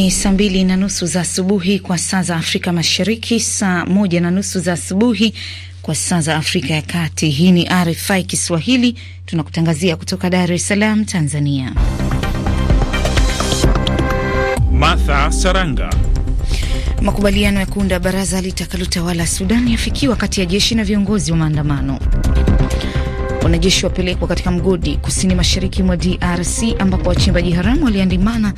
Ni saa mbili na nusu za asubuhi kwa saa za Afrika Mashariki, saa moja na nusu za asubuhi kwa saa za Afrika ya Kati. Hii ni RFI Kiswahili, tunakutangazia kutoka Dar es Salaam, Tanzania. Martha Saranga. Makubaliano ya kuunda baraza litakalotawala Sudan yafikiwa kati ya jeshi na viongozi wa maandamano Wanajeshi wapelekwa katika mgodi kusini mashariki mwa DRC ambapo wachimbaji haramu waliandamana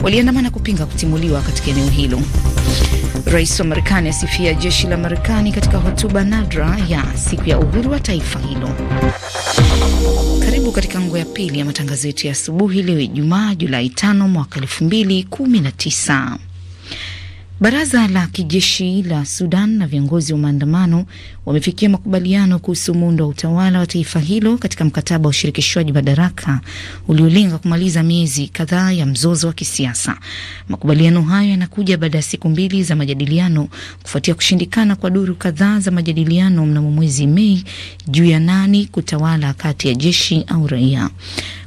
waliandamana kupinga kutimuliwa katika eneo hilo. Rais wa Marekani asifia jeshi la Marekani katika hotuba nadra ya siku ya uhuru wa taifa hilo. Karibu katika ngo ya pili ya matangazo yetu ya asubuhi leo Ijumaa Julai 5 mwaka 2019. Baraza la kijeshi la Sudan na viongozi wa maandamano wamefikia makubaliano kuhusu muundo wa utawala wa taifa hilo katika mkataba wa ushirikishwaji madaraka uliolenga kumaliza miezi kadhaa ya mzozo wa kisiasa. Makubaliano hayo yanakuja baada ya siku mbili za majadiliano kufuatia kushindikana kwa duru kadhaa za majadiliano mnamo mwezi Mei juu ya nani kutawala kati ya jeshi au raia.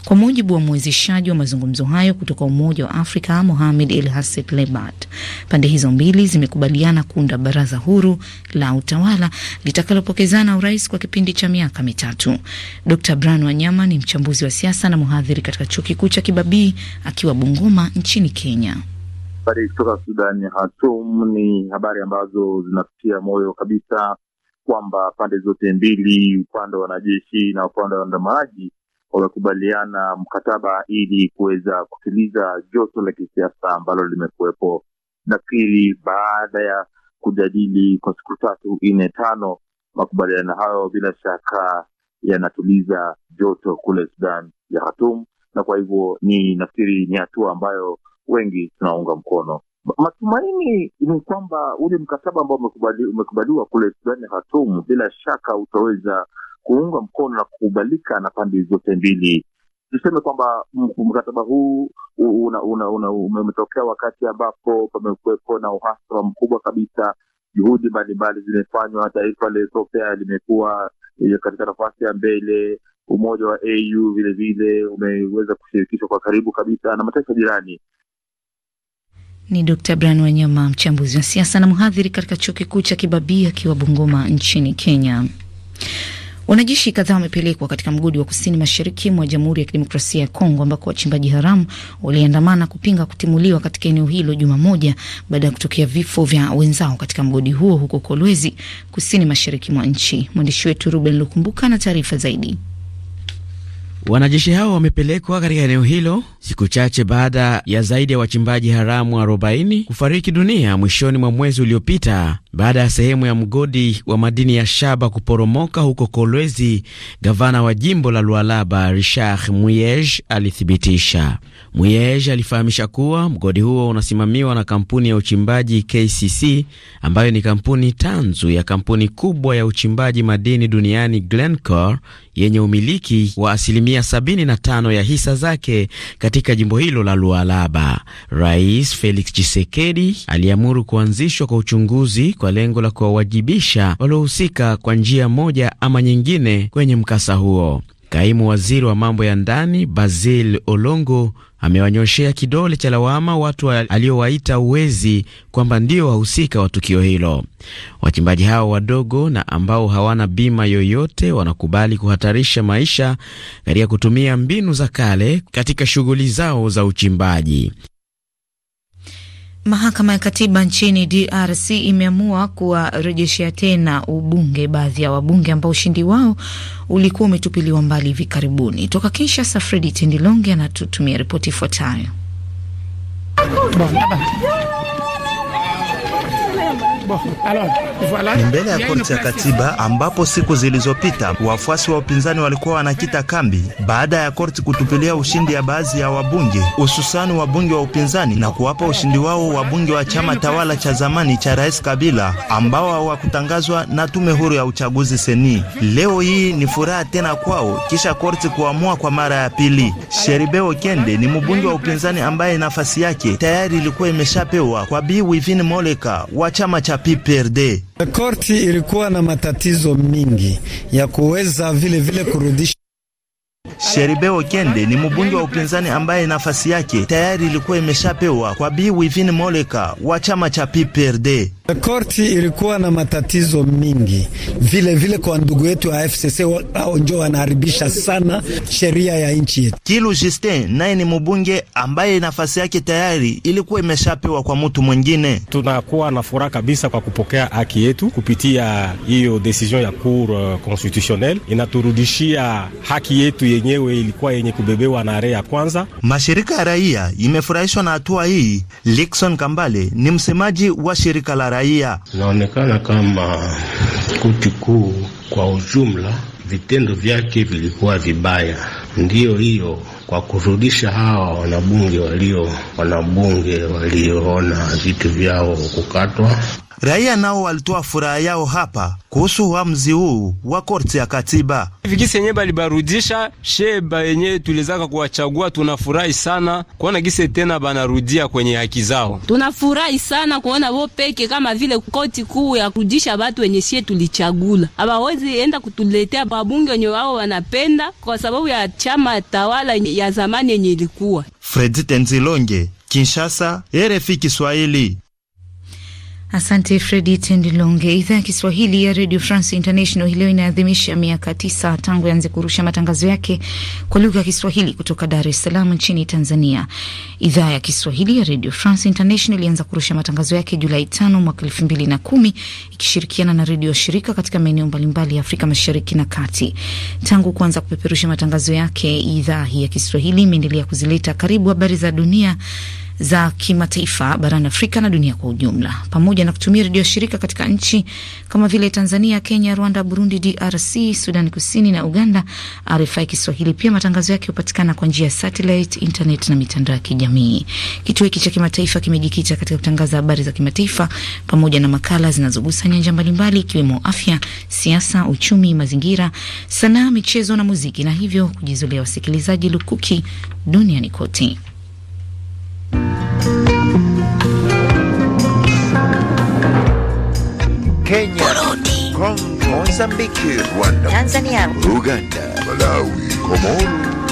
Kwa mujibu wa mwezeshaji wa mazungumzo hayo kutoka Umoja wa Afrika, Mohamed El Hasset Lebat, pande hizo mbili zimekubaliana kuunda baraza huru la utawala litakalopokezana urais kwa kipindi cha miaka mitatu. Dr Bran Wanyama ni mchambuzi wa siasa na mhadhiri katika chuo kikuu cha Kibabii akiwa Bungoma nchini Kenya. Habari kutoka Sudani ya Hatum ni habari ambazo zinafikia moyo kabisa kwamba pande zote mbili, upande wa wanajeshi na upande wa waandamanaji, wamekubaliana mkataba ili kuweza kutuliza joto la kisiasa ambalo limekuwepo. Nafikiri baada ya kujadili kwa siku tatu nne tano, makubaliano hayo bila shaka yanatuliza joto kule Sudan ya hatum na kwa hivyo ni nafikiri ni hatua ambayo wengi tunaunga mkono. Matumaini ni kwamba ule mkataba ambao umekubaliwa kule Sudani ya hatum bila shaka utaweza kuunga mkono na kukubalika na pande zote mbili. Tuseme kwamba mkataba huu una, una, una, umetokea wakati ambapo pamekuwepo na uhasama mkubwa kabisa. Juhudi mbalimbali zimefanywa, taifa la Ethiopia limekuwa eh, katika nafasi ya mbele. Umoja wa AU vilevile umeweza kushirikishwa kwa karibu kabisa na mataifa jirani. Ni Dkt. Brian Wanyama, mchambuzi wa siasa na mhadhiri katika chuo kikuu cha Kibabii akiwa Bungoma nchini Kenya. Wanajeshi kadhaa wamepelekwa katika mgodi wa kusini mashariki mwa Jamhuri ya Kidemokrasia ya Kongo ambako wachimbaji haramu waliandamana kupinga kutimuliwa katika eneo hilo juma moja baada ya kutokea vifo vya wenzao katika mgodi huo huko Kolwezi, kusini mashariki mwa nchi. Mwandishi wetu Ruben Lukumbuka na taarifa zaidi. Wanajeshi hao wamepelekwa katika eneo hilo siku chache baada ya zaidi ya wachimbaji haramu 40 kufariki dunia mwishoni mwa mwezi uliopita baada ya sehemu ya mgodi wa madini ya shaba kuporomoka huko Kolwezi. Gavana wa jimbo la Lualaba Richard Muyej alithibitisha. Muyej alifahamisha kuwa mgodi huo unasimamiwa na kampuni ya uchimbaji KCC ambayo ni kampuni tanzu ya kampuni kubwa ya uchimbaji madini duniani Glencore yenye umiliki wa asilimia 75 ya hisa zake katika jimbo hilo la Lualaba. Rais Felix Tshisekedi aliamuru kuanzishwa kwa uchunguzi kwa lengo la kuwawajibisha waliohusika kwa njia moja ama nyingine kwenye mkasa huo. Kaimu waziri wa mambo ya ndani Basil Olongo amewanyoshea kidole cha lawama watu aliowaita uwezi kwamba ndio wahusika wa tukio hilo. Wachimbaji hao wadogo na ambao hawana bima yoyote wanakubali kuhatarisha maisha katika kutumia mbinu za kale katika shughuli zao za uchimbaji. Mahakama ya Katiba nchini DRC imeamua kuwarejeshea tena ubunge baadhi ya wabunge ambao ushindi wao ulikuwa umetupiliwa mbali hivi karibuni. Toka Kinshasa, Fredi Tendilonge anatutumia ripoti ifuatayo. Ah ni mbele ya korti ya katiba ambapo siku zilizopita wafuasi wa upinzani walikuwa wanakita kambi baada ya korti kutupilia ushindi ya baadhi ya wabunge hususani wabunge wa upinzani na kuwapa ushindi wao wabunge wa chama tawala cha zamani cha Rais Kabila ambao hawakutangazwa na tume huru ya uchaguzi seni. Leo hii ni furaha tena kwao kisha korti kuamua kwa mara ya pili. Sheribe Okende ni mbunge wa upinzani ambaye nafasi yake tayari ilikuwa imeshapewa kwa Bi Moleka wa chama cha PPRD. Korti ilikuwa na matatizo mingi ya kuweza vile vile kurudisha Sheribe Okende ni mbunge wa upinzani ambaye nafasi yake tayari ilikuwa imeshapewa kwa Bi Wivine Moleka wa chama cha PPRD. Korti ilikuwa na matatizo mingi vile vile kwa ndugu yetu wa FCC, ao njo wanaharibisha sana sheria ya nchi yetu. Kilu Justin naye ni mbunge ambaye nafasi yake tayari ilikuwa imeshapewa kwa mtu mwingine. Tunakuwa na furaha kabisa kwa kupokea haki yetu kupitia hiyo decision ya cour euh, constitutionnelle, inaturudishia haki yetu yenyewe ilikuwa yenye kubebewa na are ya kwanza. Mashirika ya raia imefurahishwa na hatua hii. Lixon Kambale ni msemaji wa shirika la raia raia. Inaonekana kama kuti kuu kwa ujumla vitendo vyake vilikuwa vibaya. Ndiyo hiyo kwa kurudisha hawa wanabunge walio wanabunge walioona vitu vyao kukatwa Raia nao walitoa furaha yao hapa kuhusu uamuzi huu wa korti ya katiba. Vigisi yenye balibarudisha sheba yenye tulizaka kuwachagua, tunafurahi sana kuona gisi tena banarudia kwenye haki zao. Tunafurahi sana kuona bo peke kama vile koti kuu ya kurudisha batu wenye sie tulichagula, abawezi enda kutuletea wabunge wenye wao wanapenda kwa sababu ya chama tawala ya zamani yenye ilikuwa. Fredi Tenzilonge, Kinshasa, RFI Kiswahili. Asante Fredi Tendilonge. Idhaa ya Kiswahili ya Radio France International leo inaadhimisha miaka tisa tangu yaanze kurusha matangazo yake kwa lugha ya Kiswahili kutoka Dar es Salaam nchini Tanzania. Idhaa ya Kiswahili ya Radio France International ilianza kurusha matangazo yake Julai tano mwaka elfu mbili na kumi ikishirikiana na redio washirika katika maeneo mbalimbali ya Afrika Mashariki na Kati. Tangu kuanza kupeperusha matangazo yake, idhaa hii ya Kiswahili imeendelea kuzileta karibu habari za dunia za kimataifa barani Afrika na dunia kwa ujumla, pamoja na kutumia redio shirika katika nchi kama vile Tanzania, Kenya, Rwanda, Burundi, DRC, Sudan Kusini na Uganda. RFI Kiswahili pia matangazo yake hupatikana kwa njia ya satellite, internet na mitandao ya kijamii. Kituo hiki cha kimataifa kimejikita katika kutangaza habari za kimataifa pamoja na makala zinazogusa nyanja mbalimbali ikiwemo afya, siasa, uchumi, mazingira, sanaa, michezo na muziki, na hivyo kujizolea wasikilizaji lukuki duniani kote. Kenya, Burundi, Congo, Mozambiki, Rwanda, Tanzania, Uganda, Malawi, Komoro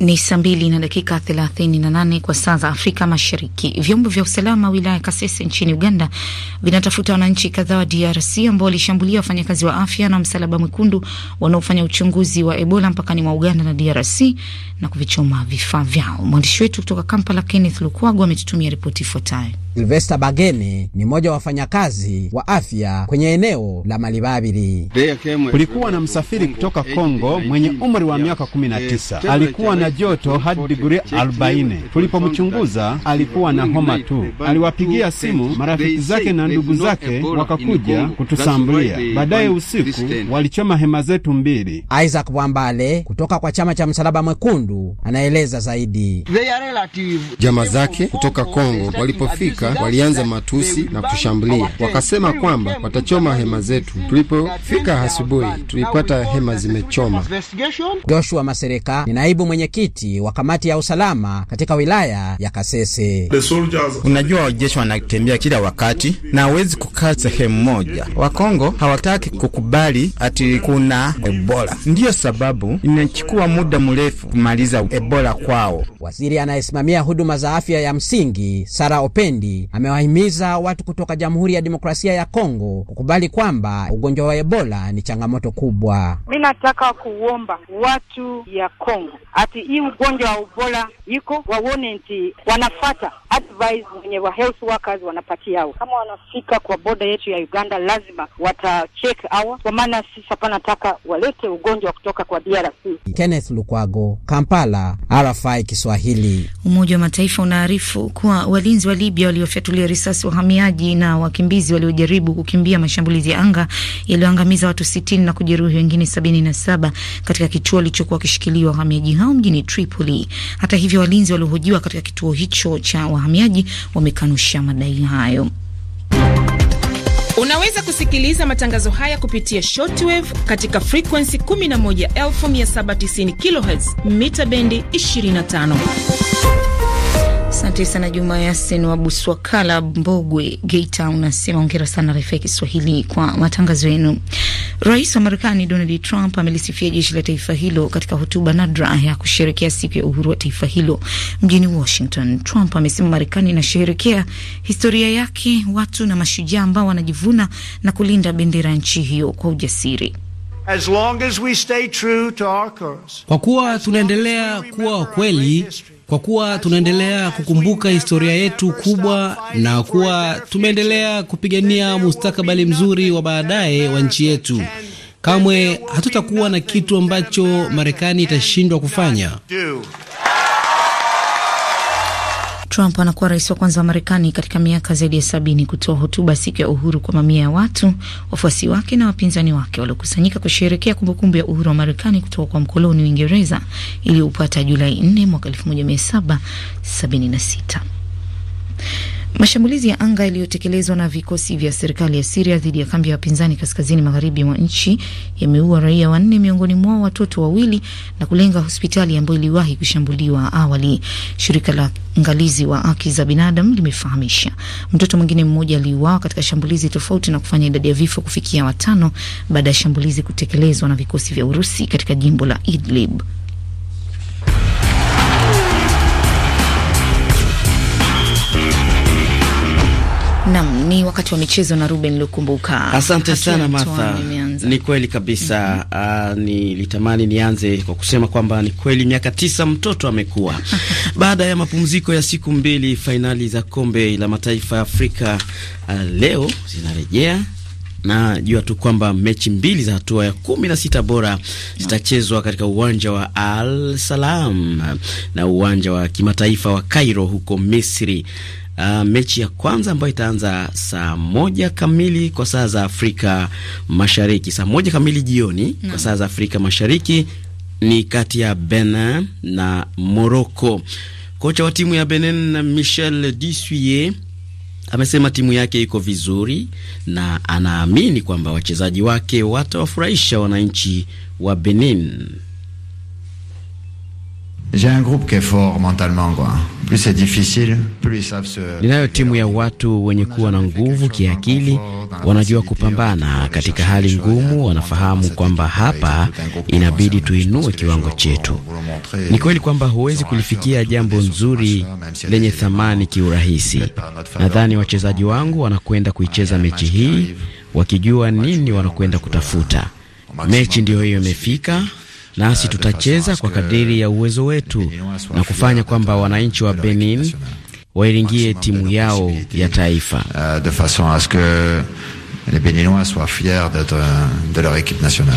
Ni saa mbili na dakika 38 kwa saa za Afrika Mashariki. Vyombo vya usalama wilaya ya Kasese nchini Uganda vinatafuta wananchi kadhaa wa DRC ambao walishambulia wafanyakazi wa afya na Msalaba Mwekundu wanaofanya uchunguzi wa Ebola mpakani mwa Uganda na DRC na kuvichoma vifaa vyao. Mwandishi wetu kutoka Kampala, Kenneth Lukwago, ametutumia ripoti ifuatayo. Silvesta Bagene ni mmoja wa wafanyakazi wa afya kwenye eneo la Malibabili. Kulikuwa na msafiri kutoka Kongo mwenye umri wa miaka 19 alikuwa na joto hadi digrii arobaini. Tulipomchunguza alikuwa na homa tu. Aliwapigia simu marafiki zake na ndugu zake wakakuja kutusambulia. Baadaye usiku walichoma hema zetu mbili. Isaac Bwambale kutoka kwa chama cha Msalaba Mwekundu anaeleza zaidi. Jamaa zake kutoka Kongo walipofika walianza matusi na kutushambulia, wakasema kwamba watachoma hema zetu. Tulipofika asubuhi tulipata hema zimechoma. Joshua Masereka ni naibu mwenyekiti mwenyekiti wa kamati ya usalama katika wilaya ya Kasese. Unajua, wajeshi wanatembea kila wakati na hawezi kukaa sehemu moja. Wakongo hawataki kukubali ati kuna Ebola, ndiyo sababu inachukua muda mrefu kumaliza Ebola kwao. Waziri anayesimamia huduma za afya ya msingi Sara Opendi amewahimiza watu kutoka Jamhuri ya Demokrasia ya Kongo kukubali kwamba ugonjwa wa Ebola ni changamoto kubwa. Mi nataka kuomba watu ya Kongo ati hii ugonjwa wa ubola iko waone nti wanafata advice wenye wa health workers wanapatia hao. Kama wanafika kwa boda yetu ya Uganda, lazima watacheck hawa, kwa maana sisi hapana taka walete ugonjwa kutoka kwa DRC. Kenneth Lukwago, Kampala, RFI Kiswahili. Umoja wa Mataifa unaarifu kuwa walinzi wa Libya waliofyatulia risasi wahamiaji na wakimbizi waliojaribu kukimbia mashambulizi ya anga yaliyoangamiza watu sitini na kujeruhi wengine sabini na saba katika kituo walichokuwa wakishikiliwa wahamiaji hao mjini mjini Tripoli. Hata hivyo, walinzi waliohojiwa katika kituo hicho cha wahamiaji wamekanusha madai hayo. Unaweza kusikiliza matangazo haya kupitia shortwave katika frequency 11790 kHz mita bendi 25. Asante sana Juma Yasin wa Buswakala, Mbogwe, Geita, unasema ongera sana refa ya Kiswahili kwa matangazo yenu. Rais wa Marekani Donald Trump amelisifia jeshi la taifa hilo katika hotuba nadra ya kusherekea siku ya uhuru wa taifa hilo mjini Washington. Trump amesema Marekani inasherekea historia yake, watu na mashujaa ambao wanajivuna na kulinda bendera ya nchi hiyo kwa ujasiri. As long as we stay true to our kwa kuwa tunaendelea kuwa wakweli kwa kuwa tunaendelea kukumbuka historia yetu kubwa na kuwa tumeendelea kupigania mustakabali mzuri wa baadaye wa nchi yetu. Kamwe hatutakuwa na kitu ambacho Marekani itashindwa kufanya. Trump anakuwa rais wa kwanza wa Marekani katika miaka zaidi ya sabini kutoa hotuba siku ya uhuru kwa mamia ya watu, wafuasi wake na wapinzani wake waliokusanyika kusherehekea kumbukumbu ya uhuru wa Marekani kutoka kwa mkoloni Uingereza iliyoupata Julai 4 mwaka 1776. Mashambulizi ya anga yaliyotekelezwa na vikosi vya serikali ya Siria dhidi ya kambi ya wapinzani kaskazini magharibi mwa nchi yameua raia wanne, miongoni mwao watoto wawili, na kulenga hospitali ambayo iliwahi kushambuliwa awali. Shirika la ngalizi wa haki za binadamu limefahamisha mtoto mwingine mmoja aliuawa katika shambulizi tofauti na kufanya idadi ya vifo kufikia watano baada ya shambulizi kutekelezwa na vikosi vya Urusi katika jimbo la Idlib. wakati wa michezo na Ruben Lukumbuka. Asante sana Martha, ni kweli kabisa mm -hmm. Nilitamani nianze kwa kusema kwamba ni kweli miaka tisa mtoto amekuwa baada ya mapumziko ya siku mbili, fainali za kombe la mataifa ya Afrika uh, leo zinarejea na jua tu kwamba mechi mbili za hatua ya kumi na sita bora zitachezwa katika uwanja wa Al Salam na uwanja wa kimataifa wa Cairo huko Misri uh, mechi ya kwanza ambayo itaanza saa moja kamili kwa saa za Afrika Mashariki, saa moja kamili jioni kwa saa za Afrika Mashariki ni kati ya Benin na Morocco. Kocha wa timu ya Benin Michel Desuyer amesema timu yake iko vizuri na anaamini kwamba wachezaji wake watawafurahisha wananchi wa Benin. Plus c'est difficile, plus savent se... Ninayo timu ya watu wenye kuwa na nguvu kiakili, wanajua kupambana katika hali ngumu, wanafahamu kwamba hapa inabidi tuinue kiwango chetu. Ni kweli kwamba huwezi kulifikia jambo nzuri lenye thamani kiurahisi. Nadhani wachezaji wangu wanakwenda kuicheza mechi hii wakijua nini wanakwenda kutafuta. Mechi ndiyo hiyo imefika nasi uh, tutacheza kwa kadiri ya uwezo wetu na kufanya kwamba wananchi wa Benin wairingie timu yao ya taifa. Uh, euh,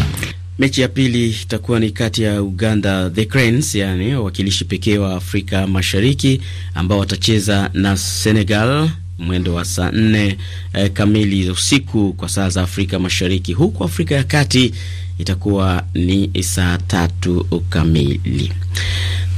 Mechi ya pili itakuwa ni kati ya Uganda the Cranes, yani wawakilishi pekee wa Afrika Mashariki, ambao watacheza na Senegal mwendo wa saa nne e, kamili usiku kwa saa za Afrika Mashariki, huku Afrika ya Kati itakuwa ni saa tatu kamili.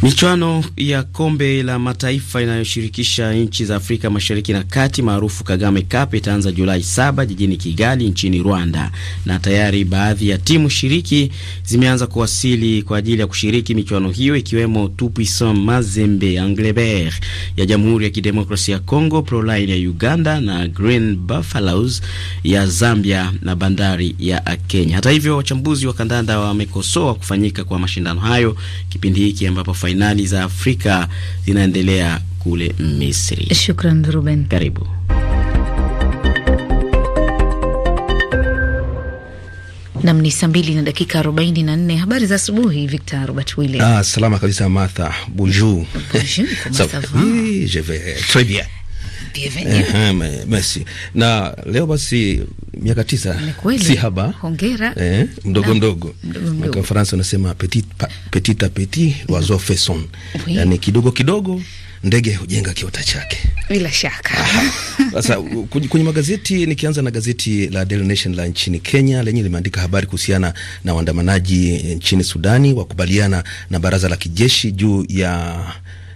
Michuano ya kombe la mataifa inayoshirikisha nchi za Afrika Mashariki na Kati maarufu Kagame Cup itaanza Julai saba jijini Kigali nchini Rwanda, na tayari baadhi ya timu shiriki zimeanza kuwasili kwa ajili ya kushiriki michuano hiyo ikiwemo Tupuisan Mazembe Anglebert ya Jamhuri ya Kidemokrasia ya congo Proline ya Uganda na Green Buffaloes ya Zambia na Bandari ya Kenya. Hata hivyo, wachambuzi wa kandanda wamekosoa kufanyika kwa mashindano hayo kipindi hiki ambapo fainali za Afrika zinaendelea kule Misri. Shukran Ruben. Karibu. Nam ni saa mbili na dakika arobaini na nne. Habari za asubuhi, Victor Robert Wille. Ah, salama kabisa Martha. Bonjour. Bonjour. Comment ça va? Oui, je vais très bien basi. Na leo basi miaka tisa si haba. Hongera eh, mdogo mdogo kwa Faransa unasema petit petit a petit l'oiseau fait son Yani kidogo kidogo ndege hujenga kiota chake bila shaka. Sasa kwenye magazeti, nikianza na gazeti la Daily Nation la nchini Kenya, lenye limeandika habari kuhusiana na waandamanaji nchini Sudani wakubaliana na baraza la kijeshi juu ya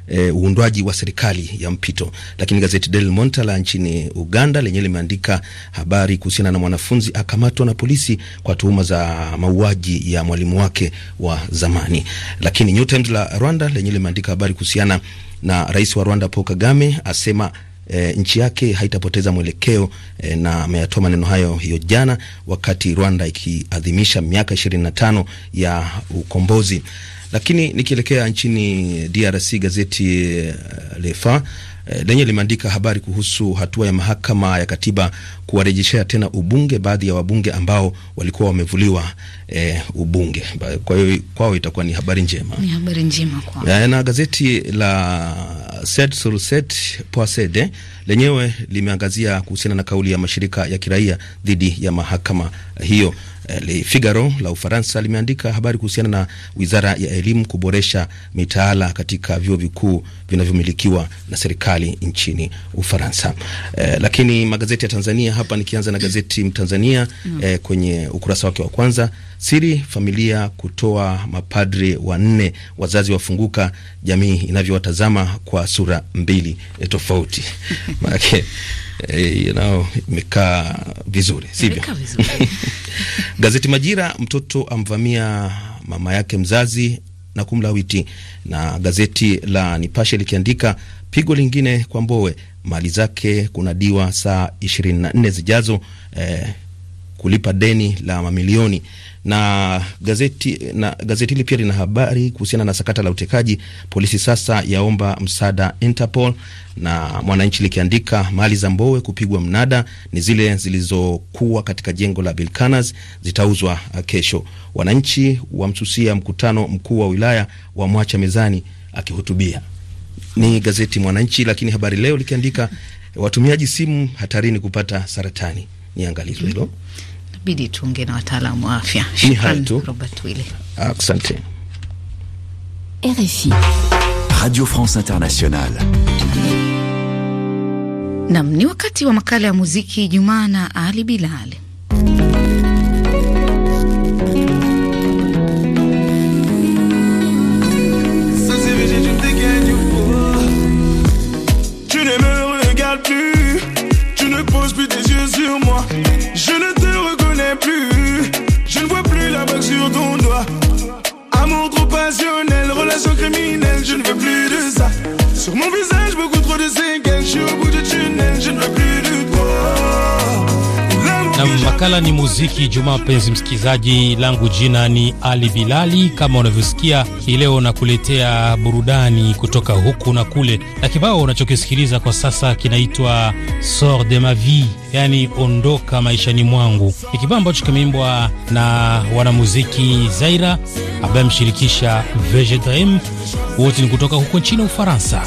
eh, uundwaji wa serikali ya mpito. Lakini gazeti Del Monta la nchini Uganda lenyewe limeandika habari kuhusiana na mwanafunzi akamatwa na polisi kwa tuhuma za mauaji ya mwalimu wake wa zamani. Lakini New Times la Rwanda lenyewe limeandika habari kuhusiana na rais wa Rwanda Paul Kagame asema E, nchi yake haitapoteza mwelekeo e, na ameyatoa maneno hayo hiyo jana wakati Rwanda ikiadhimisha miaka 25 ya ukombozi. Lakini nikielekea nchini DRC, gazeti eh, Lefa eh, lenye limeandika habari kuhusu hatua ya mahakama ya katiba kuwarejeshea tena ubunge baadhi ya wabunge ambao walikuwa wamevuliwa e, ubunge. Kwa hiyo kwao itakuwa ni habari njema, ni habari njema kwa. Na gazeti la Set sur Set Poisede lenyewe limeangazia kuhusiana na kauli ya mashirika ya kiraia dhidi ya mahakama hiyo. Eh, Le Figaro la Ufaransa limeandika habari kuhusiana na wizara ya elimu kuboresha mitaala katika vyuo vikuu vinavyomilikiwa na serikali nchini Ufaransa. Eh, lakini magazeti ya Tanzania hapa, nikianza na gazeti Mtanzania mm. eh, kwenye ukurasa wake wa kwanza, siri familia kutoa mapadri wanne, wazazi wafunguka, jamii inavyowatazama kwa sura mbili eh, tofauti maana eh, you know, imekaa vizuri sivyo? Gazeti Majira, mtoto amvamia mama yake mzazi na kumlawiti. Na gazeti la Nipashe likiandika pigo lingine kwa Mbowe, mali zake kunadiwa saa 24 zijazo eh, kulipa deni la mamilioni. Na gazeti na gazeti hili pia lina habari kuhusiana na sakata la utekaji. Polisi sasa yaomba msaada Interpol, na Mwananchi likiandika mali za Mbowe kupigwa mnada ni zile zilizokuwa katika jengo la Bilkanas zitauzwa kesho. Wananchi wamsusia mkutano mkuu wa wilaya wa mwacha mezani akihutubia. Ni gazeti Mwananchi, lakini Habari Leo likiandika watumiaji simu hatarini kupata saratani. Niangalizo hilo. mm -hmm bidi tuongee na wataalamu wa afya. Shukran Robert Wile, asante. RFI Radio France Internationale. Nam, ni wakati wa makala ya muziki Jumaa na Ali Bilal. Makala ni muziki Jumaa. Mpenzi msikilizaji, langu jina ni Ali Bilali. Kama unavyosikia, hii leo nakuletea burudani kutoka huku na kule, na kibao unachokisikiliza kwa sasa kinaitwa sort de ma vie, yani ondoka maishani mwangu. Ni kibao ambacho kimeimbwa na wanamuziki Zaira ambaye amshirikisha Vegedream, wote ni kutoka huko nchini Ufaransa.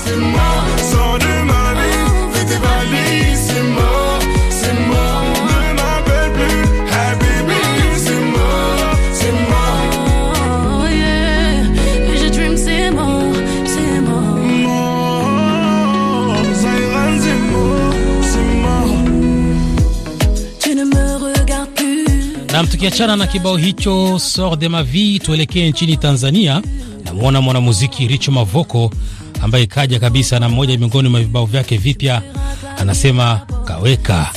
Tukiachana na kibao hicho Sor de Mavi, tuelekee nchini Tanzania. Namwona mwanamuziki Richo Mavoko ambaye kaja kabisa na mmoja miongoni mwa vibao vyake vipya, anasema kaweka,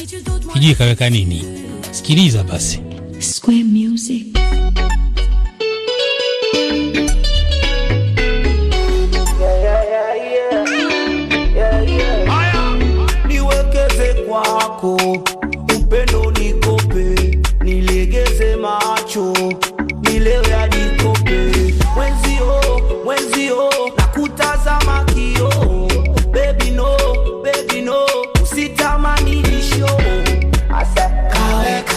sijui kaweka nini. Sikiliza basi Square Music. Yeah, yeah, yeah. Yeah, yeah. macho mileo ya dikope wenzio wenzio na kutazama kio baby no baby no usitamani nisho kaweka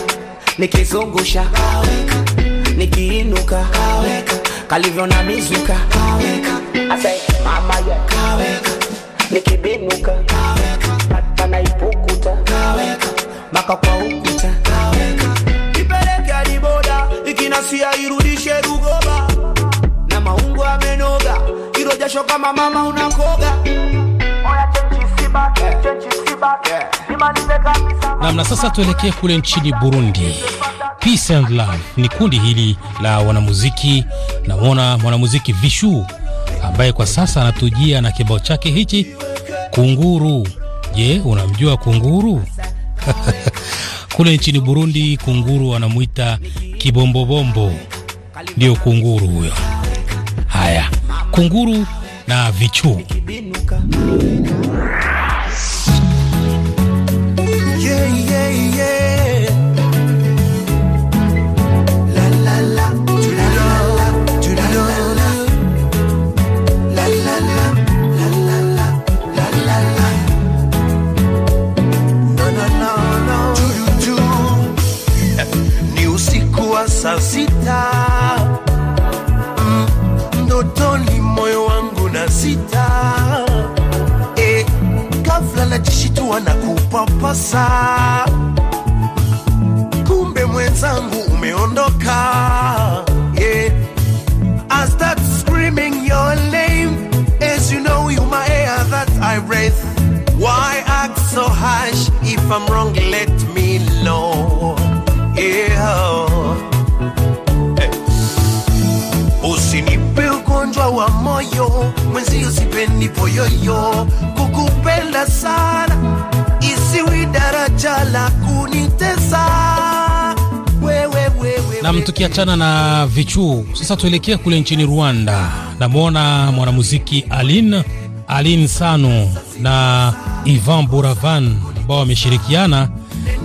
nikizungusha kaweka nikiinuka kaweka kalivyo na mizuka kaweka asa mama ya kaweka nikibinuka kaweka hata naipukuta, kaweka maka kwa huku kesho kama mama unakoga namna. Sasa tuelekee kule nchini Burundi. Peace and Love ni kundi hili la wanamuziki, namwona mwanamuziki Vishu ambaye kwa sasa anatujia na kibao chake hichi Kunguru. Je, unamjua Kunguru? Kule nchini Burundi kunguru anamwita kibombobombo, ndiyo kunguru huyo. Haya, kunguru na vichuu. kupenda sana, isiwi daraja la kunitesa. Nam, tukiachana na vichuu sasa, tuelekea kule nchini Rwanda. Namwona mwanamuziki Aline Aline Sano na Ivan Buravan ambao wameshirikiana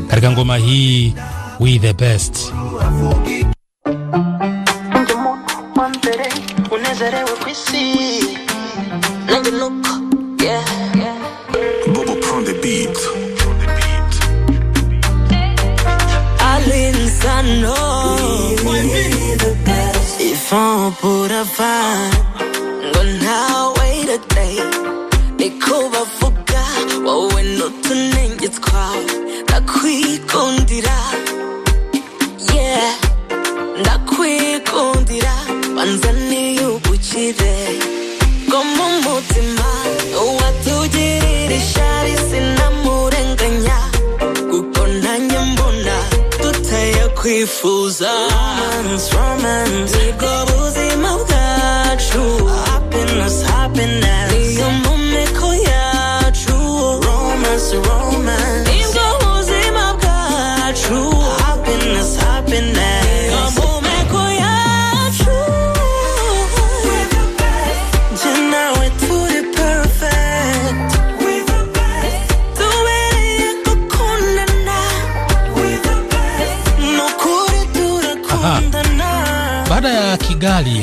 katika ngoma hii We the Best. pura fan nawe today nikuba vuga wowe n'utunenge twawe ndakwikundira yeah ndakwikundira banza niyugukire ko mu mutima watugirira ishari sinamurenganya kuko nanjye mbona duteye kwifuza romance romance true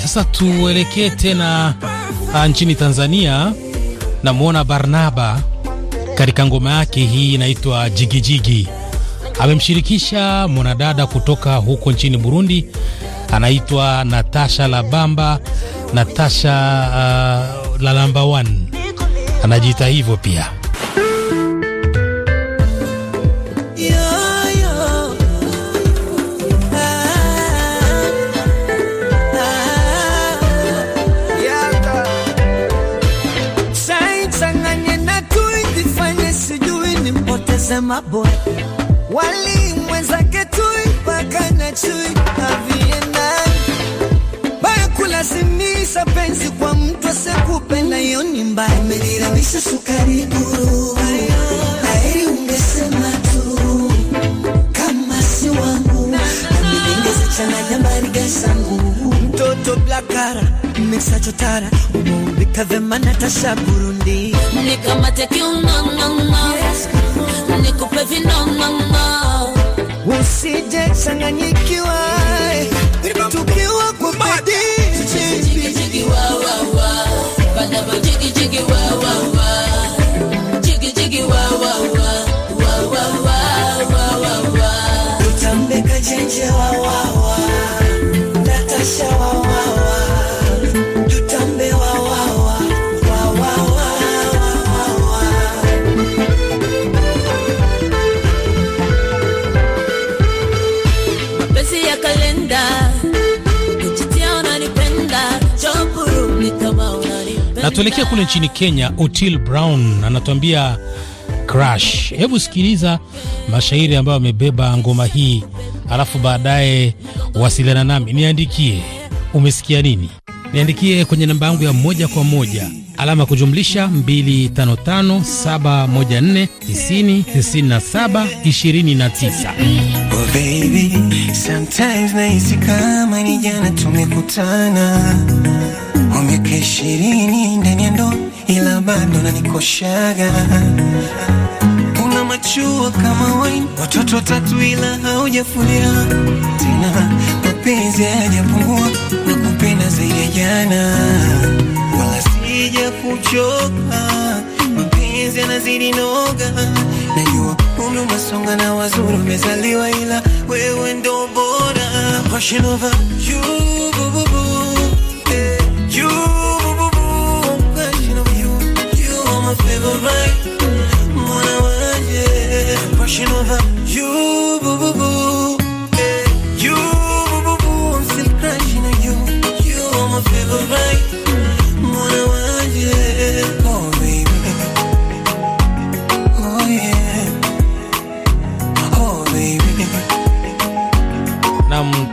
Sasa tuelekee tena ah, nchini Tanzania. Namwona Barnaba katika ngoma yake hii inaitwa Jigijigi, amemshirikisha mwanadada kutoka huko nchini Burundi, anaitwa Natasha Labamba, Natasha uh, Lalamba 1 anajiita hivyo pia. maboy wali mwenzake tui paka na chui avienda baya kulazimisha penzi kwa mtu asekupenda, hiyo ni mbaya. Umeniramisha sukari guru, heri ungesema vema na tasha Burundi nikamate kiunongono na nikupe vinonono, usije changanyikiwa Tuelekea kule nchini Kenya. Otil Brown anatuambia Crash. Hebu sikiliza mashairi ambayo amebeba ngoma hii, alafu baadaye wasiliana nami, niandikie umesikia nini, niandikie kwenye namba yangu ya moja kwa moja alama kujumlisha 255714909729 baby, sometimes nahisi kama ni jana tumekutana, miaka ishirini ndani ya ndoa, ila bado nanikoshaga. Una machua kama wine watoto watatu ila haujafulia tena, mapenzi hayajapungua na kupenda zaidi ya jana, wala kuchoka mapenzi yanazidi noga Najua umri umesonga na wazuri umezaliwa, ila wewe ndo bora. Pushing Mwana wanje. Pushing over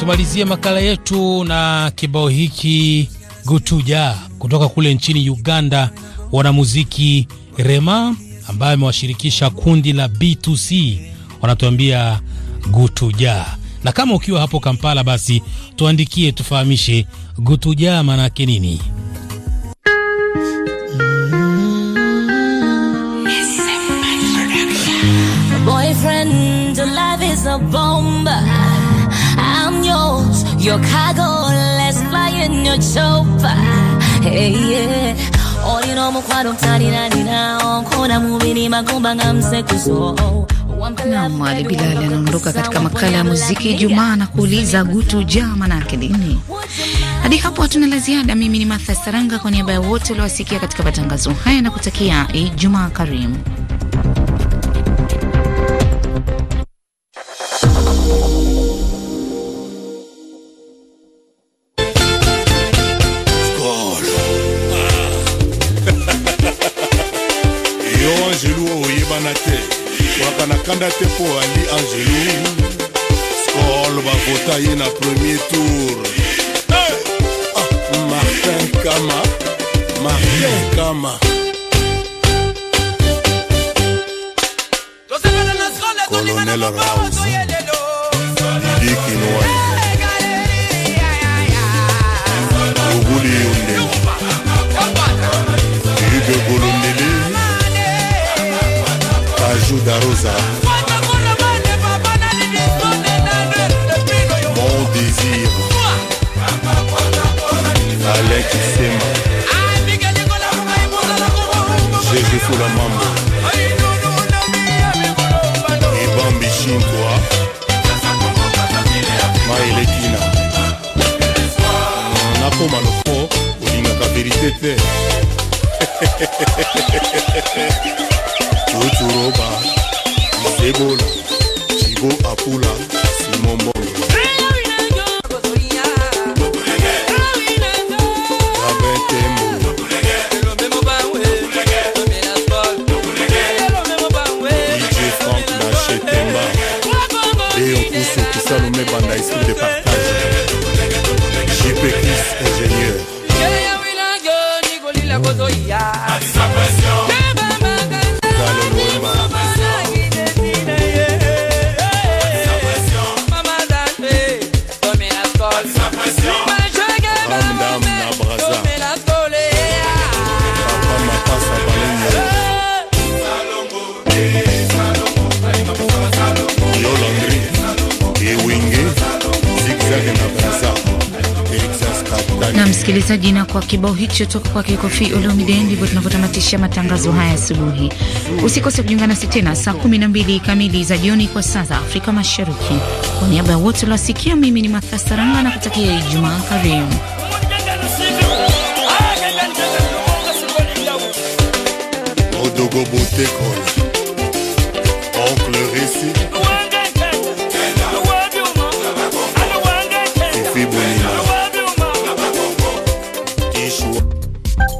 tumalizie makala yetu na kibao hiki Gutuja kutoka kule nchini Uganda, wanamuziki Rema ambaye amewashirikisha kundi la B2C wanatuambia Gutuja. Na kama ukiwa hapo Kampala, basi tuandikie, tufahamishe Gutuja maana yake nini? Mm your cargo let's fly in your chopper hey yeah All my quad of tiny in Corner olino mukwano taninanina onkona oh, mubiri makumbanga msekuso oh. Nam Ali Bilali anaondoka katika makala ya muziki Ijumaa na kuuliza gutu jaa manake nini? Hadi hapo hatuna la ziada. Mimi ni Martha Saranga, kwa niaba ya wote waliowasikia katika matangazo haya na kutakia Ijumaa karimu. manda te mpo ali angeline skol bavota ye na premier tour ah, martin kama martin kama colonel ra msikilizaji, na kwa kibao hicho toka kwake Kofi Olomide, ndivyo tunavyotamatisha matangazo haya asubuhi. Usikose kujiunga nasi tena saa 12 kamili za jioni kwa saa za Afrika Mashariki. Kwa niaba ya wote uliosikia, mimi ni Martha Saranga na kutakia Ijumaa karimu.